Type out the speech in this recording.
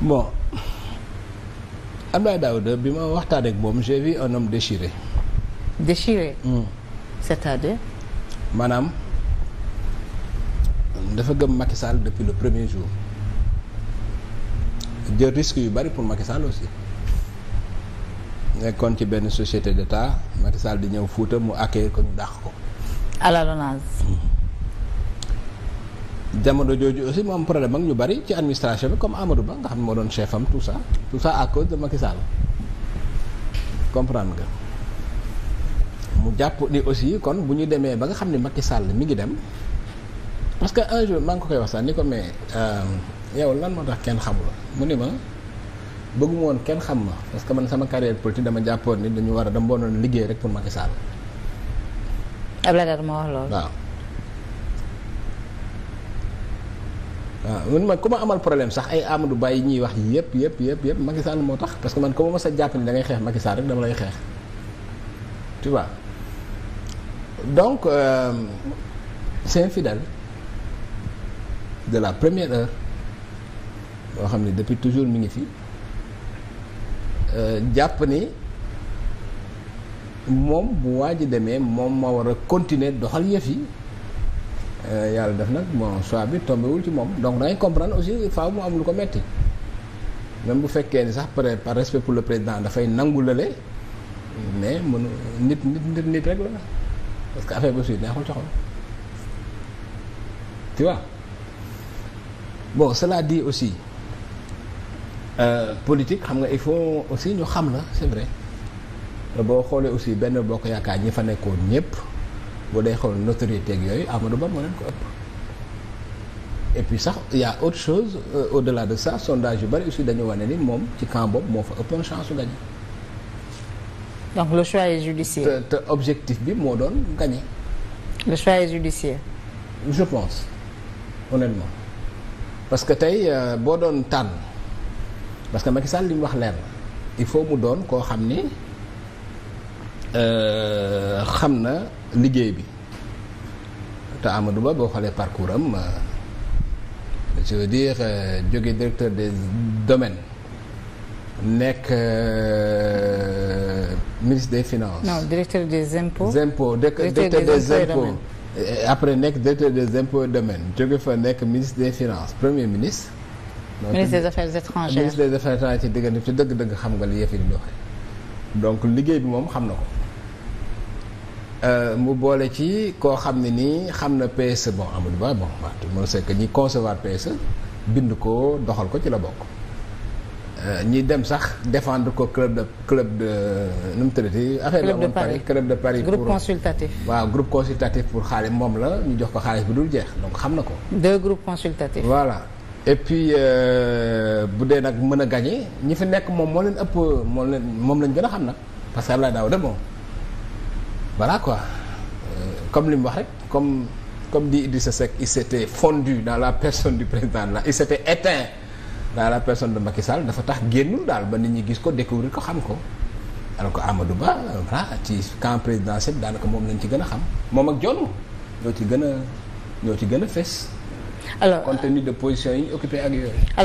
bon Abdoulaye Daouda bi ma waxtaan ak moom j'ai vu un homme déchiré. déchiré. Mmh. maanaam dafa gëm Macky Sall depuis le premier jour jël risque yu bari pour Macky Sall aussi nekkoon ci benn société d'État Macky Sall di ñëw Fuuta mu accueillir ko ñu dàq ko. jamono jooju aussi mu problème ak ñu bari ci administration bi comme Amadou Ba nga xam ne moo doon chef am tout ça tout ça à cause de Macky Sall comprendre nga mu jàpp ni aussi kon bu ñu demee ba nga xam ne Macky Sall mi ngi dem parce que un jour maa ngi ko koy wax sax ni ko mais euh, yow lan moo tax kenn xamul mu ni ma bëgguma woon kenn xam ma parce que man sama carrière politique dama jàppoon ni dañu war a dama boonoon liggéey rek pour Macky Sall. Abdoulaye Wade moo wax loolu waaw mun ma ku ma amal problème sax ay Amadou Ba yi ñuy wax yëpp yëpp yëpp yëpp Macky Sall moo tax parce que man ku ma mës a jàpp ni da ngay xeex Macky Sall rek dama lay xeex tu donc euh, c'est infidèle de la première heure boo xam ne depuis toujours mi ngi fi euh, jàpp ni moom bu waa ji demee moom moo war a continuer doxal yëf yi. Euh, yàlla def nag bon choix bi tombewul ci moom donc dangay comprendre aussi faaw mu am lu ko metti même bu fekkee ni sax peut-être par respect pour le président dafay nangu lale mais mënu nit nit nit rek la parce que affaire bi aussi neexul ci xol tu vois bon cela dit aussi euh, politique xam nga il faut aussi ñu xam la c'est vrai boo xoolee aussi benn bokk yaakaar ñi fa nekkoon ñëpp. boo day xool notoriété ak yooyu Amadou Ba moo leen ko ëpp et puis sax y a autre chose euh, au-delà de ça sondage yu bari aussi dañu wane ni moom ci camp boobu moo fa ëppoon chance su gagné donc le choix est judicieux te objectif bi moo doon gagné le est judicieux je que tey euh, boo doon tànn parce que Macky Sall li wax leer na il faut mu doon koo xam ni euh, xam na liggéey bi te Amadou Ba boo xoolee parcours am euh, je veux dire euh, jóge directeur des domaines nekk euh, ministre des finances. non directeur des impôts. impôts directeur des impôts après nekk directeur des impôts et domaines jóge fa nekk ministre des finances premier ministre. ministre des affaires étrangères ministre des affaires étrangères ci diggante ci dëgg-dëgg xam nga li yëf yi di donc liggéey bi moom xam na ko. Euh, mu boole ci koo xam ne nii xam na PSE bon Amadou Ba bon waaw tout le monde sait que ñi concevoir PSE bind ko doxal ko ci la bokk euh, ñi dem sax défendre ko club de club de nu mu tëddati affaire bi amoon Paris club de Paris groupe consultatif waaw groupe consultatif pour xaalis moom la ñu jox ko xaalis bi dul jeex donc xam na ko deux groupes consultatifs voilà et puis euh, bu dee nag mën a gagné ñi fi nekk moom moo leen ëpp moo leen moom lañ gën a xam nag parce que Abdoulaye de moom voilà quoi euh, comme li mu wax rek comme comme di dit Idrissa Seck il s'était fondu dans la personne du président là il s'était éteint dans la personne de Macky Sall dafa tax génnul daal ba nit ñi gis ko découvrir ko xam ko alors que Amadou Ba euh, voilà ci camp présidentiel daanaka moom lañ ci gën a xam moom ak Dione ñoo ci gën a ñoo ci gën a fës. alors de position yi ñu occupé ak yooyu.